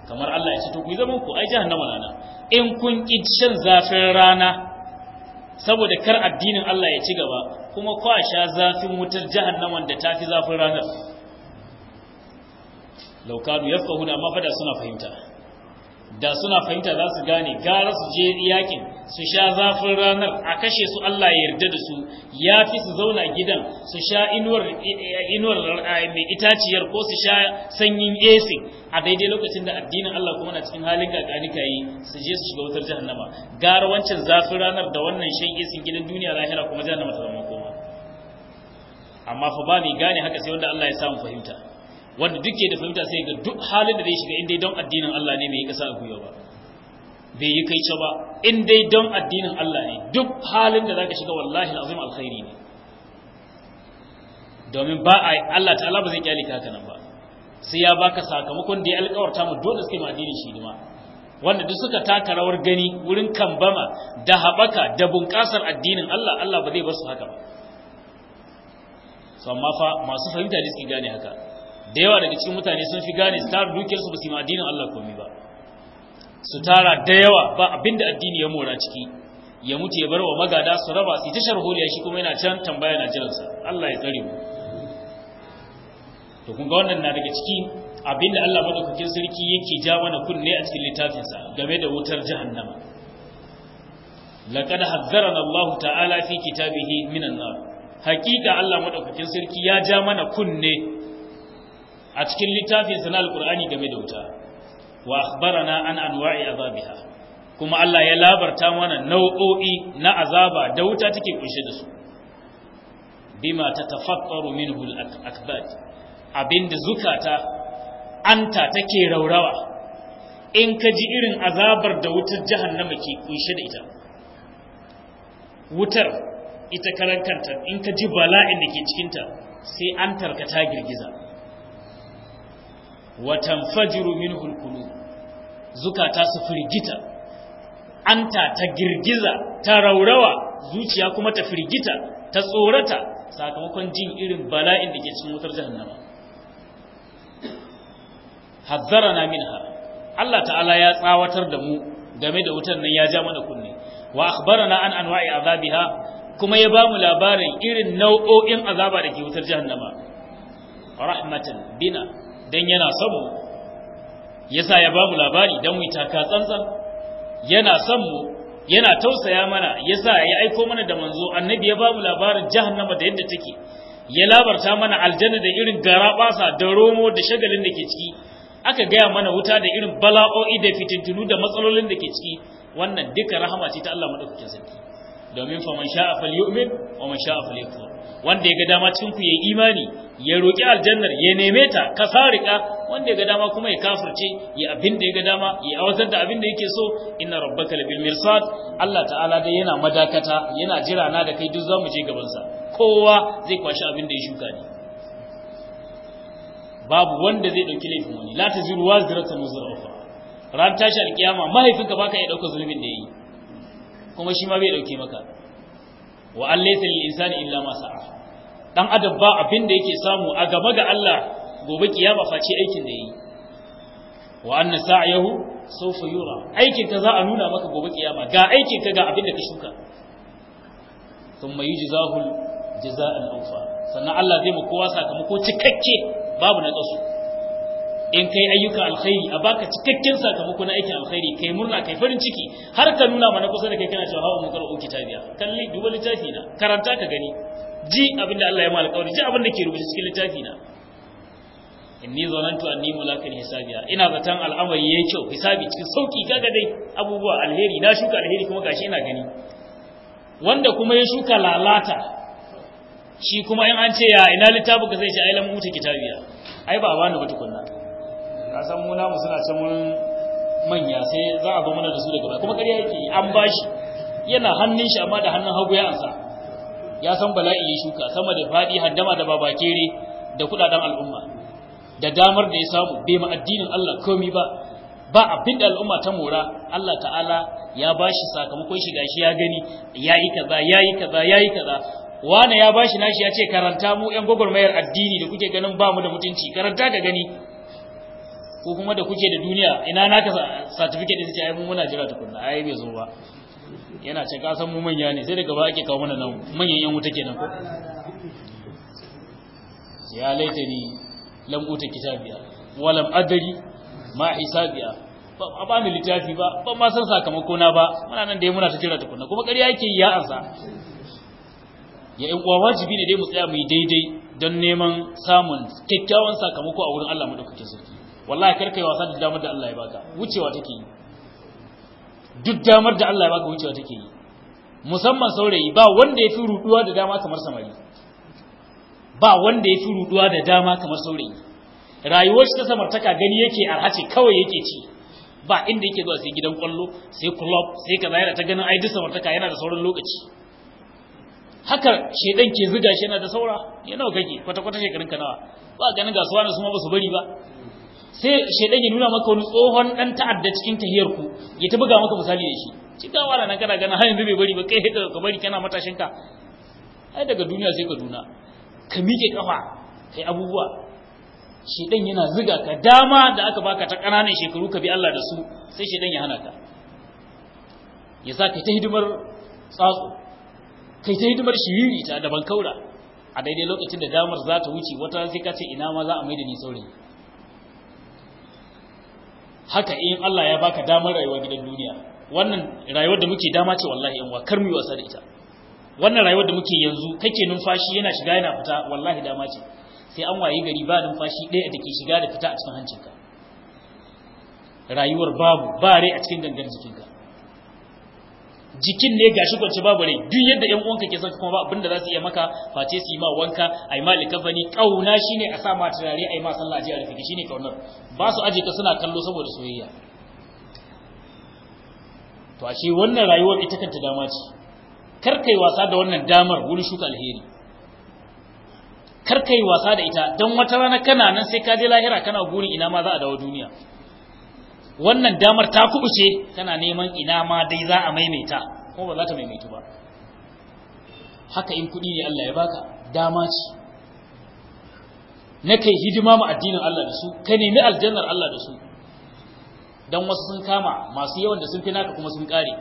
kamar Allah ya ce to ku zaman ku ai jahannama rana in kun ki shan zafin rana saboda kar addinin Allah ya ci gaba kuma a sha zafin wutar jahannaman da ta fi zafin ranar laukanu yafqahuna amma fada suna fahimta da suna fahimta za su gane gara su je yakin su sha zafin ranar a kashe su Allah ya yarda da su ya fi su zauna gidan su sha inuwar mai itaciyar ko su sha sanyin AC a daidai lokacin da addinin Allah kuma na cikin halin kakani kayi su je su shiga wutar jahannama gara wancan zafin ranar da wannan shan AC gidan duniya lahira kuma jahannama ta zama koma amma fa ba mai gane haka sai wanda Allah ya samu fahimta wanda duk da fahimta sai ga duk halin da zai shiga in dai don addinin Allah ne bai yi kasa a gwiwa ba bai yi kai ba in dai don addinin Allah ne duk halin da zaka shiga wallahi azim alkhairi ne domin ba a Allah ta'ala ba zai kyale ka haka nan ba sai ya baka sakamakon da ya alƙawarta mu dole sai mu addinin shi ma wanda duk suka taka rawar gani wurin kambama da haɓaka da bunƙasar addinin Allah Allah ba zai bar su haka ba so amma fa masu fahimta ne suke gane haka da yawa daga cikin mutane sun fi gane su tara dukiyarsu ba su yi addinin Allah komai ba su tara da yawa ba abinda addini ya mora ciki ya mutu ya bar wa magada su raba su ta sharholiya shi kuma yana can tambaya na jiransa Allah ya tsare mu to kun ga wannan na daga ciki abinda Allah madaukakin sarki yake ja mana kunne a cikin littafinsa game da wutar jahannama laqad hazzarana Allah ta'ala fi kitabihi minan nar hakika Allah madaukakin sarki ya ja mana kunne a cikin littafinsa na alkur'ani game da wuta wa akhbarana an anwa'i azabiha kuma Allah ya labarta mana nau'o'i na azaba da wuta take kunshe da su bima tatafattaru minhu al-akbad abinda zukata anta take raurawa in ka ji irin azabar da wutar jahannama ke kunshe da ita wutar ita karan kanta in ka ji bala'in da ke cikinta sai an tarkata girgiza watan fajiru min hulkulu zukata su firgita anta ta girgiza ta raurawa zuciya kuma ta firgita ta tsorata sakamakon jin irin bala'in da ke cikin wutar jahannama hazzara na minha Allah ta'ala ya tsawatar da mu game da wutar nan ya ja mana kunne wa akhbarana an anwa'i azabiha kuma ya bamu labarin irin nau'o'in azaba da ke wutar jahannama rahmatan bina don yana sabu yasa ya babu labari don mu ka tsantsan yana sabu yana tausaya mana yasa ya aiko mana da manzo annabi ya babu labarin jahannama da yadda take ya labarta mana aljanna da irin garabasa da romo da shagalin da ke ciki aka gaya mana wuta da irin bala'o'i da fitintunu da matsalolin da ke ciki wannan duka rahama ce ta Allah madaukakin sarki domin fa man sha'a falyu'min wa man sha'a falyakfur wanda ya ga dama cin ku yayi imani ya roki aljannar ya neme ta kasarika wanda ya ga dama kuma ya kafirce ya abin da ya dama ya awatar da abin da yake so inna rabbaka labil mirsad Allah ta'ala dai yana madakata yana jira na da kai duk za mu je gaban sa kowa zai kwashi abin da ya shuka ne babu wanda zai dauki laifin wani la taziru wazratan wazra ukhra ran tashi alkiyama mahaifinka baka ya dauka zulmin da yayi kuma shi ma bai dauke maka wa allaysa lil insani illa ma sa'a dan adam ba abin da yake samu a gaba ga Allah gobe kiyama face aikin da yayi wa anna sa'yahu sawfa yura aikin ka za a nuna maka gobe kiyama ga aikin ka ga abin da ka shuka thumma yujzahu jazaa al-awfa sannan Allah zai mu kowa sakamako cikakke babu na kasu in kai ayyuka alkhairi a baka cikakken sakamako na aikin alkhairi kai murna kai farin ciki har ka nuna mana kusa da kai kana cewa hawa mukar uki tabiya kalli duba littafi na karanta ka gani ji abinda Allah ya mallaka ji abinda ke rubuce cikin littafi na inni zanantu anni mulakin hisabiya ina zaton al'amari yayi kyau hisabi cikin sauki kaga dai abubuwa alheri na shuka alheri kuma gashi ina gani wanda kuma ya shuka lalata shi kuma in an ce ya ina littafin ka zai ce ai lamu huta kitabiya ai ba wani ba tukunna Kasan san mu namu suna can manya sai za a zo mana da su daga kuma kariya yake an bashi yana hannun shi amma da hannun hagu ya ansa ya san bala'i ya shuka sama da Fadi, haddama da babakere da kuɗaɗen al'umma da damar da ya samu bai ma addinin Allah komi ba ba abin da al'umma ta mora Allah ta'ala ya bashi sakamakon shi gashi ya gani yayi kaza yayi kaza yayi kaza wane ya bashi nashi ya ce karanta mu yan gwagwarmayar addini da kuke ganin ba mu da mutunci karanta ka gani ko kuma da kuke da duniya ina naka certificate din ce ai mun muna jira tukunna ai bai zo ba yana ce ka san mu manya ne sai daga ba ake kawo mana nan manyan yan wuta kenan ko ya laita ni lam uta kitabiya wa lam adri ma hisabiya ba ba mi littafi ba ba ma san sakamako na ba muna nan da yi muna ta jira tukunna kuma kariya yake ya ansa ya yan uwa wajibi ne dai mu tsaya mu yi daidai don neman samun kyakkyawan sakamako a wurin Allah madaukakin sarki wallahi karkai wasa da damar da Allah ya baka wucewa take yi duk damar da Allah ya baka wucewa take yi musamman saurayi ba wanda ya fi ruduwa da dama kamar samari ba wanda ya fi ruduwa da dama kamar saurayi rayuwar shi ta samartaka gani yake arhace kawai yake ci ba inda yake zuwa sai gidan kwallo sai club sai ka zaira ta ganin ai duk samartaka yana da sauran lokaci haka shedan ke ziga shi yana da saura yana kake kwata kwata shekarun kanawa ba ganin gasuwa na su ma ba su bari ba sai shaidan ya nuna maka wani tsohon dan ta'adda cikin tahiyarku ya ta buga maka misali da shi cikin wala nan kana gana har yanzu bai bari ba kai hita ka bari kana matashin ka ai daga duniya sai ka duna ka miƙe kafa kai abubuwa shaidan yana ziga ka dama da aka baka ta kananan shekaru ka bi Allah da su sai shaidan ya hana ka ya sa kai ta hidimar tsatsu, kai ta hidimar shiriri ta da bankaura a daidai lokacin da damar za ta wuce wata sai ka ce ina ma za a maida ni saurayi haka in Allah ya baka damar rayuwa gidan duniya wannan rayuwar da muke dama ce wallahi in wa kar mu wasa da ita wannan rayuwar da muke yanzu kake numfashi yana shiga yana fita wallahi dama ce sai an waye gari ba numfashi ɗaya da ke shiga da fita a cikin hancinka rayuwar babu ba rai a cikin gangan jikinka jikin ne gashi kwance babu ne duk yadda yan uwanka ke son kuma ba abin da za su iya maka face su yi ma wanka ai ma likafani kauna shine a sa ma turare ai ma sallah ji a rufe shine kaunar ba su aje ka suna kallo saboda soyayya to ashe wannan rayuwar ita kanta dama ce kar kai wasa da wannan damar wurin shuka alheri kar kai wasa da ita dan wata rana kana nan sai ka je lahira kana burin ina ma za a dawo duniya wannan damar ta kubuce tana neman ina ma dai za a maimaita ko ba za ta maimaitu ba haka in kuɗi ne Allah ya baka dama ce na kai hidima ma addinin Allah da su ka nemi aljannar Allah da su dan wasu sun kama masu yawan da sun fi naka kuma sun kare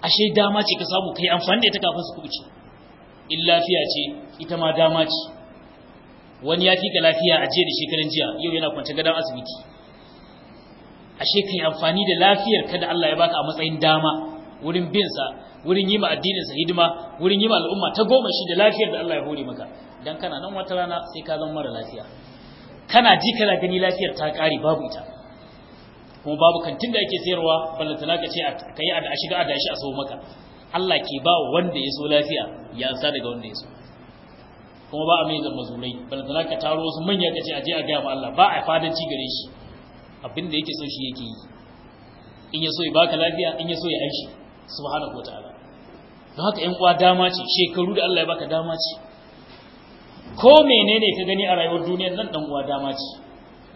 ashe dama ce ka samu kai amfani da ita kafin su kubuce in lafiya ce ita ma dama ce wani ya fi ka lafiya a jiya da shekaran jiya yau yana kwance gadon asibiti ashe kai amfani da lafiyar ka da Allah ya baka a matsayin dama wurin bin sa wurin yi ma addinin sa hidima wurin yi ma al'umma ta goma shi da lafiyar da Allah ya hore maka dan kana nan wata rana sai ka zama mara lafiya kana ji kana gani lafiyar ta kare babu ita kuma babu kantin da ake sayarwa ballantana ka ce kai a shiga a shi a so maka Allah ke ba wanda ya so lafiya ya sa daga wanda ya so kuma ba a mai zama zurai ballantana ka taro wasu manya ka ce a je a gaya ma Allah ba a fadanci gare shi abin da yake so shi yake yi in ya so ya baka lafiya in ya so ya aiki subhanahu wataala don haka yan uwa dama ce shekaru da Allah ya baka dama ce ko menene ka gani a rayuwar duniyar nan dan uwa dama ce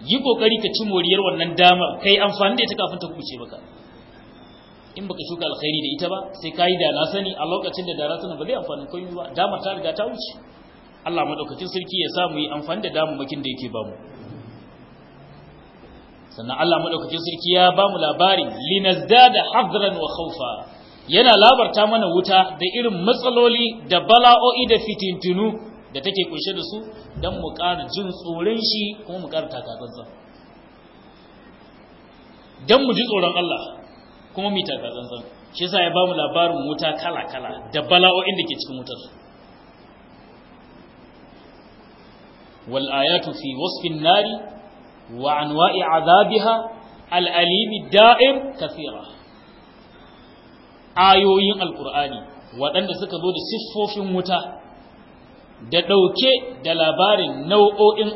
yi kokari ka ci moriyar wannan dama kai amfani da ita kafin ta kuce baka. in baka shuka alkhairi da ita ba sai kai da na sani a lokacin da dara tana ba zai amfani komai ba dama ta riga ta wuce Allah madaukakin sarki ya sa mu yi amfani da makin da yake mu. sannan Allah madaukakin sarki ya ba mu labari linazdada hadran wa khawfa yana labarta mana wuta da irin matsaloli da bala'o'i da fitintunu da take kunshe da su dan mu ƙara jin tsoron shi kuma mu ƙara takatsantsan dan mu ji tsoron Allah kuma mu takatsantsan shi yasa ya bamu labarin wuta kala kala da bala'o'in da ke cikin wutar wal ayatu fi wasfin nari wa عذابها azabiha al'alimi كثيرة آيوين ayoyin وأن waɗanda suka zo da siffofin wuta da ɗauke da labarin nau'o'in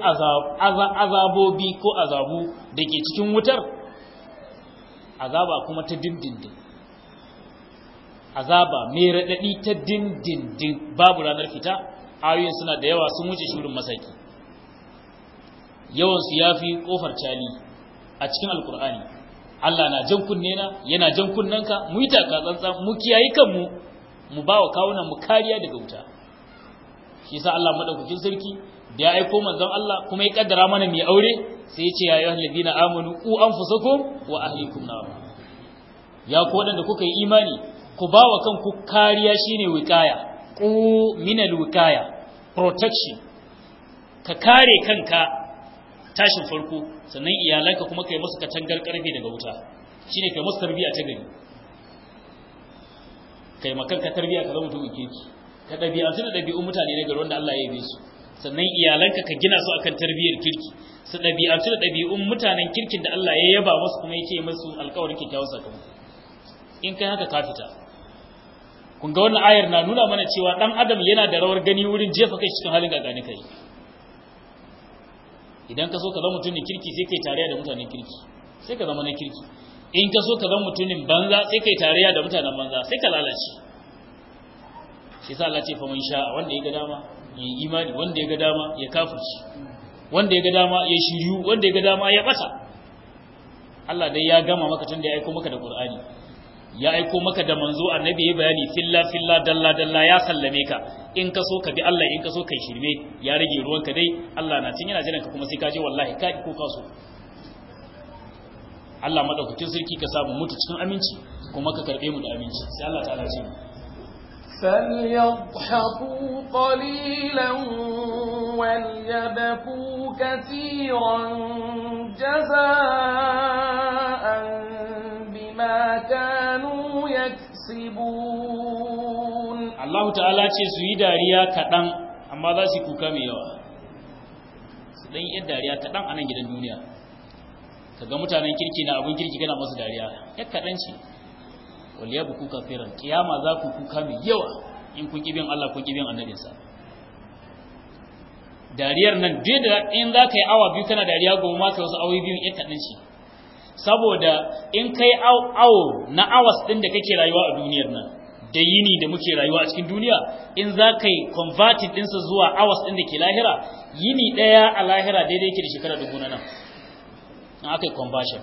azabobi ko azabu da ke cikin wutar azaba kuma ta dindindin azaba mai raɗaɗi ta dindindin babu ranar fita ayoyin suna da yawa sun wuce shirin masaki yawansu ya fi ƙofar cali a cikin alkur'ani Allah na jan kunne na yana jan kunnanka mu yi taka tsantsan mu kiyaye kanmu mu ba wa kawunan mu kariya daga wuta shi yasa Allah madaukakin sarki da ya aiko manzon Allah kuma ya kaddara mana mai aure sai ya ce ya ayyuhal ladina amanu qu anfusakum wa ahlikum nar ya ku wadanda kuka yi imani ku ba wa kanku kariya shine wikaya qu minal wikaya protection ka kare kanka tashin farko sannan iyalanka kuma kai musu katangar karfe daga wuta shine kai musu tarbiya ta gari kai ka tarbiya ka zama mutum uke ki ka dabi'a su da dabi'un mutane ne ga wanda Allah ya yi su sannan iyalanka ka gina su akan tarbiyar kirki su dabi'a su da dabi'un mutanen kirkin da Allah ya yaba musu kuma ya musu alƙawarin kyakkyawan sakamako in kai haka ka fita kun ga wannan ayar na nuna mana cewa dan adam yana da rawar gani wurin jefa kai cikin halin gagani kai idan ka so ka zama mutumin kirki sai kai tarayya da mutanen kirki sai ka zama na kirki in ka so ka zama mutumin banza sai kai tarayya da mutanen banza sai ka lalace shi sa Allah ce fa mun sha wanda ya ga dama ya yi imani wanda ya ga dama ya kafirci wanda ya ga dama ya shiryu wanda ya ga dama ya bata Allah dai ya gama maka tun da ya aika maka da Qur'ani ya aiko maka da manzo annabi ya bayani filla filla dalla dalla ya sallame ka in ka so ka bi Allah in ka so kai shirme ya rage ruwan ka dai Allah na cin yana jiran ka kuma sai ka je wallahi ka ko ka so Allah madaukakin sarki ka samu mutu cikin aminci kuma ka karbe mu da aminci sai Allah ta'ala ce فليضحكوا قليلا وليبكوا كثيرا جزاء يحسبون الله تعالى ce su yi dariya kaɗan amma za su kuka mai yawa su ɗan yi dariya kaɗan a nan gidan duniya kaga mutanen kirki na abin kirki kana masu dariya ya kaɗan ce wal ya buku kafiran kiyama za ku kuka mai yawa in kun kibin Allah kun kibin annabinsa dariyar nan duk da in za ka yi awa biyu kana dariya goma ka wasu awa biyu ya kaɗan ce saboda in kai awo na awas din da kake rayuwa a duniyar nan da yini da muke rayuwa a cikin duniya in za ka yi converted ɗinsa zuwa awas ɗin da ke lahira yini ɗaya a lahira daidai yake da shekara dubu na nan na aka yi conversion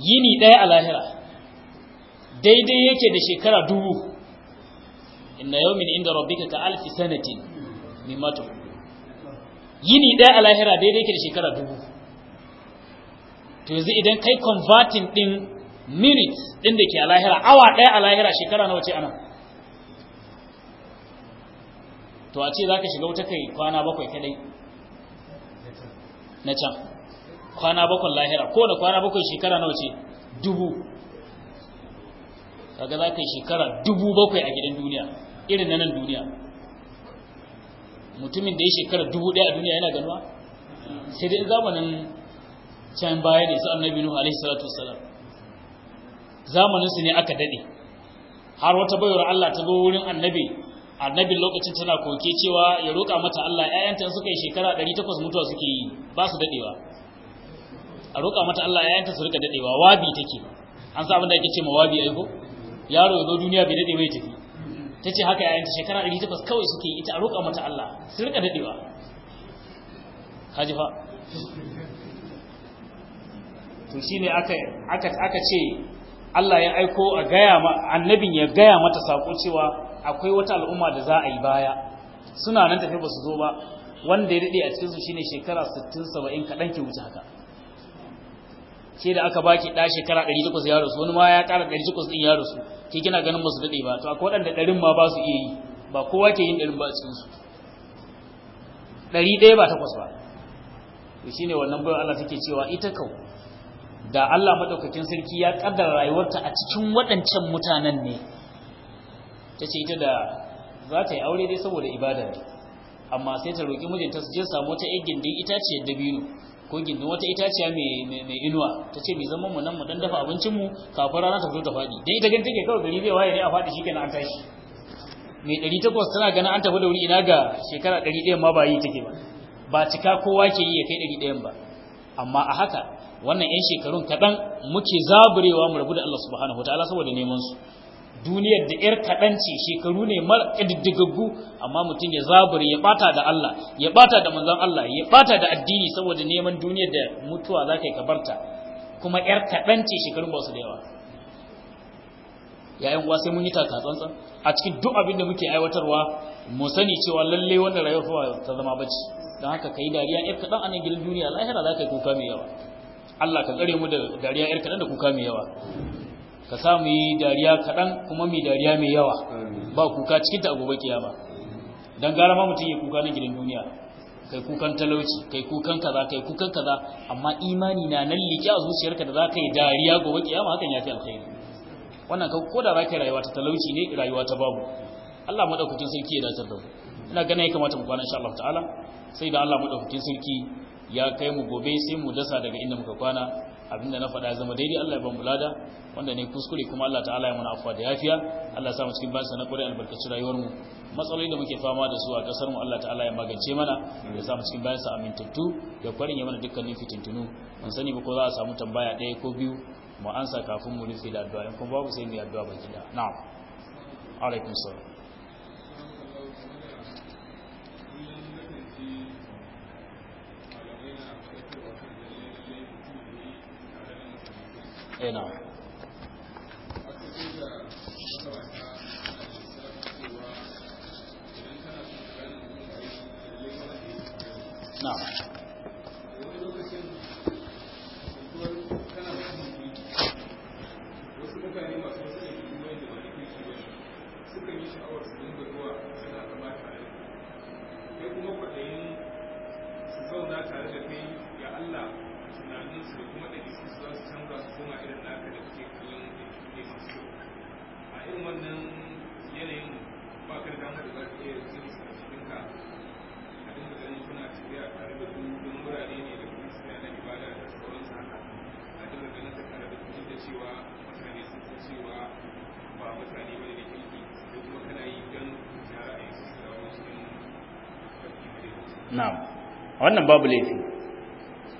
yini ɗaya a lahira daidai yake da shekara dubu inna yawmin inda rabbika ka alfi sanatin mimma tuhibbu yini ɗaya a lahira daidai yake da shekara dubu to yanzu idan kai converting din minutes din da ke a lahira awa ɗaya a lahira shekara nawa ce ana to a ce za ka shiga wuta kai kwana bakwai kadai na can kwana bakwai lahira ko da kwana bakwai shekara nawa ce dubu kaga za ka yi shekara dubu bakwai a gidan duniya irin na nan duniya mutumin da ya shekara dubu ɗaya a duniya yana ganuwa sai dai zamanin can baya da su annabi nuhu alaihi salatu wasalam zamanin su ne aka dade har wata bayar Allah ta zo wurin annabi annabi lokacin tana koke cewa ya roka mata Allah ƴaƴanta suka yi shekara 800 mutuwa suke yi ba su dadewa a roka mata Allah ƴaƴanta su rika dadewa wabi take an sa abin da ake ce ma wabi ai ko yaro ya zo duniya bai dade bai tafi tace haka ƴaƴanta shekara 800 kawai suke yi ita a roƙa mata Allah su rika dadewa kaji fa to shi ne aka ce Allah ya aiko a gaya annabin ya gaya mata sako cewa akwai wata al'umma da za a yi baya suna nan tafi ba su zo ba wanda ya dade a cikin su shine shekara 60 70 kadan ke wuce haka ke da aka baki da shekara 800 ya rasu wani ma ya kara 800 din ya rasu ke kina ganin musu dade ba to akwai wadanda darin ma ba su iya yi ba kowa ke yin darin ba a cikin su 100 ba takwas ba to ne wannan bayan Allah take cewa ita kau da Allah madaukakin sarki ya kaddara rayuwarta a cikin waɗancan mutanen ne tace ita da za ta yi aure dai saboda ibada ne amma sai ta roki mijinta su je samu wata gindin itaciyar dabino ko gindin wata itaciya mai inuwa ta ce mai zama mu nan mu dan dafa abincinmu kafin rana ta zo ta faɗi dai ita ganta ke kawai gari zai waye ne a faɗi shikenan an tashi mai ɗari takwas tana ganin an tafi da wuri ina ga shekara ɗari ma ba yi take ba ba cika kowa ke yi ya kai ɗari ba amma a haka wannan 'yan shekarun kaɗan muke zaburewa mu rabu da Allah subhanahu wa ta'ala saboda neman su duniyar da 'yar kaɗan ce shekaru ne mara ƙididdigaggu amma mutum ya zabure ya ɓata da Allah ya ɓata da manzon Allah ya ɓata da addini saboda neman duniyar da mutuwa za ka yi ka barta kuma 'yar kaɗan ce shekarun ba su da yawa yayin yan sai mun yi takatsantsan a cikin duk abin da muke aiwatarwa mu sani cewa lalle wannan rayuwar ta zama bacci don haka kai dariya yar kadan a nan gidan duniya lahira za ka kuka mai yawa Allah ka kare mu da dariya yar kadan da kuka mai yawa ka sa mu yi dariya kadan kuma mu dariya mai yawa ba kuka cikin ta gobe kiyama dan gara ma mutun ya kuka na gidan duniya kai kukan talauci kai kukan kaza kai kukan kaza amma imani na nan liki a zuciyarka da za ka yi dariya gobe kiyama hakan ya fi alkhairi wannan ka koda ba ka rayuwa ta talauci ne rayuwa ta babu Allah madaukakin sarki ya dace da mu ina gane ya kamata mu kwana insha Allah ta'ala sai da Allah madaukakin sarki ya kai mu gobe sai mu dasa daga inda muka kwana abinda na faɗa zama daidai Allah ya bamu lada wanda ne kuskure kuma Allah ta'ala ya mana afwa da yafiya Allah ya sa mu cikin bansa na ƙwarai albarkaci rayuwar mu matsaloli da muke fama da su a kasar mu Allah ta'ala ya magance mana ya sa mu cikin bansa amintattu ya kwarin ya mana dukkanin fitintunu mun sani ba ko za a samu tambaya ɗaya ko biyu mu ansa kafin mu rufe da addu'a in kuma babu sai mu yi addu'a baki da na'am alaikum salam ina eh, wannan babu laifi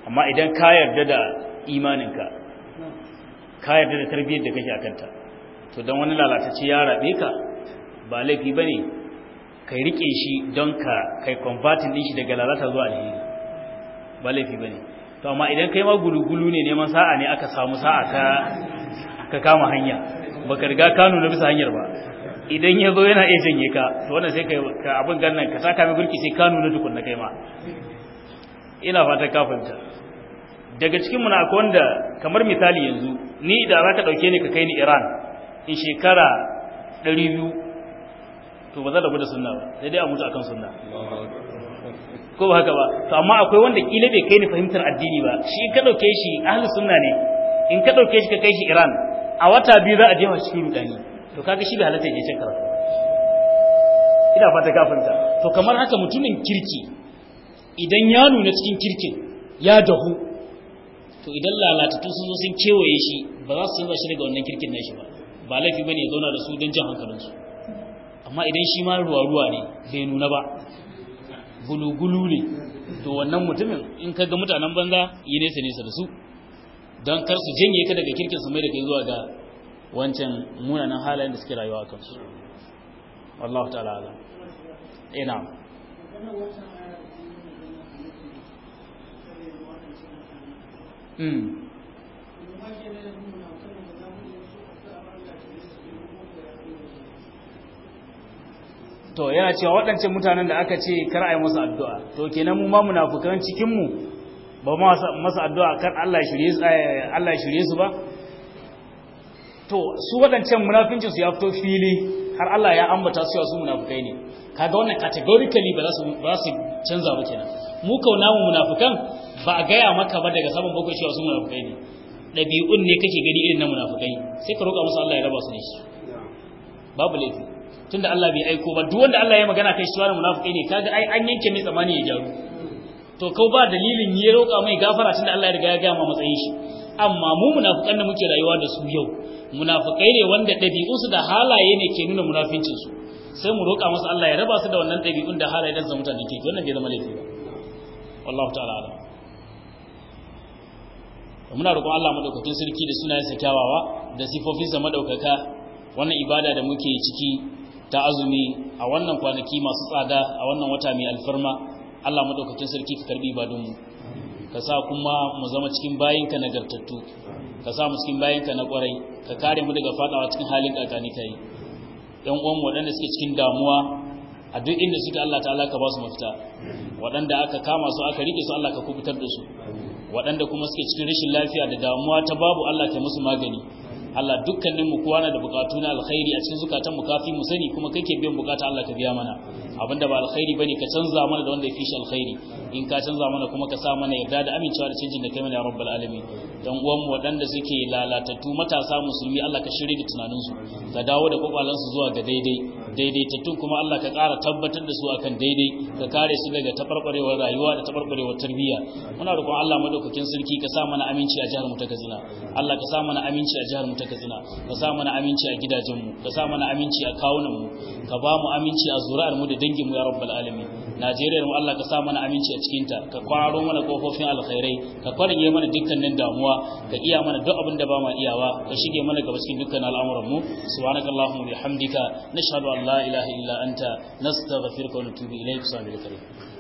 amma idan ka yarda da imaninka ka yarda da tarbiyyar da kake akanta to don wani lalatacce ya rabe ka ba laifi ba ne kai rike shi don ka kai convertin din shi daga lalata zuwa alheri ba laifi ba ne to amma idan kai ma gulugulu ne neman sa'a ne aka samu sa'a ka ka kama hanya ba ka riga ka nuna bisa hanyar ba idan ya zo yana iya janye ka to wannan sai ka abin gannan ka saka mai gurki sai ka nuna tukun na kai ma ina fata kafinta daga cikin mu akwai wanda kamar misali yanzu ni da za ka ɗauke ni ka kai ni iran in shekara 200 to ba za da gudu sunna ba sai dai a mutu akan sunna ko ba haka ba to amma akwai wanda kila bai kai ni fahimtar addini ba shi ka ɗauke shi ahli sunna ne in ka ɗauke shi ka kai shi iran a wata biyu za a jefa cikin rudani to kaga shi bai halatta ya je can karatu ina fata kafinta to kamar haka mutumin kirki idan ya nuna cikin kirkin ya dahu to idan lalatattu sun zo sun kewaye shi ba za su canza shi daga wannan kirkin nashi ba ba laifi ba ya zauna da su don jan hankalinsu amma idan shi ma ruwa-ruwa ne zai nuna ba gulugulu ne to wannan mutumin in ka ga mutanen banza yi nesa nesa da su don kar su janye ka daga kirkin su mai da kai zuwa ga wancan munanan halayen da suke rayuwa kansu wallahu ta'ala ina Mm. to yana cewa waɗancan mutanen da aka ce kar a yi masa addu'a to kenan mu ma munafukan cikinmu ba masa addu'a kar Allah eh, shirye su ba to su waɗancan munafincin su ya fito fili har Allah ya ambata su su munafukai ne kaga wannan categorically ba za su canza ba kenan mu kauna mu munafukan ba a gaya maka ba daga saman bakwai cewa sun munafukai ne ɗabi'un ne kake gani irin na munafukai sai ka roƙa musu Allah ya raba su ne shi babu laifi tunda Allah bai aiko ba duk wanda Allah ya magana kai shi wani munafukai ne kaga ai an yanke mai tsamani ya jaru to kau ba dalilin ya roƙa mai gafara tunda Allah ya riga ya gaya ma matsayin shi amma mu munafukan da muke rayuwa da su yau munafukai ne wanda ɗabi'un su da halaye ne ke nuna munafincinsu sai mu roƙa musu Allah ya raba su da wannan ɗabi'un da halaye da zama mutane ke wannan bai zama laifi ba wallahu ta'ala muna roƙon Allah madaukakin sarki da sunayensa kyawawa da sifofinsa madaukaka wannan ibada da muke ciki ta azumi a wannan kwanaki masu tsada a wannan wata mai alfarma Allah madaukakin sarki ka karbi ibadunmu ka sa kuma mu zama cikin bayinka nagartattu ka sa mu cikin bayinka na kwarai ka kare mu daga fadawa cikin halin kakani kai yan uwan waɗanda suke cikin damuwa a duk inda suke Allah ta'ala ka ba su mafita waɗanda aka kama su aka rike su Allah ka kubutar da su waɗanda kuma suke cikin rashin lafiya da damuwa ta babu Allah ta musu magani Allah dukkanin mu kowa na da bukatu na alkhairi a cikin zukatan mu kafi mu sani kuma kake biyan bukata Allah ka biya mana abinda ba alkhairi bane ka canza mana da wanda ya fi shi alkhairi in ka canza mana kuma ka sa mana yarda da amincewa da canjin da kai mana ya rabbal alamin dan uwan mu wadanda suke lalatattu matasa musulmi Allah ka shirye da tunanin su ka dawo da kwakwalan su zuwa ga daidai daidaitattun kuma Allah ka ƙara tabbatar da su akan daidai ka kare su daga tabarbarewar rayuwa da tabarbarewar tarbiyya muna roƙon Allah madaukakin sarki ka sa mana aminci a jihar mu ta Katsina Allah ka sa mana aminci a jihar mu ta Katsina ka sa mana aminci a gidajen mu ka sa mana aminci a kawunan mu ka ba mu aminci a zuri'ar mu da dangin mu ya rabbal alamin Najeriya mu Allah ka sa mana aminci a cikin ta ka kwaro mana kofofin alkhairai ka kwarinye mana dukkanin damuwa ka iya mana duk abin da ba ma iyawa ka shige mana gaba cikin dukkan al'amuran mu subhanakallahumma wa bihamdika nashhadu an la ilaha illa anta nastaghfiruka wa natubu ilayk sallallahu alaihi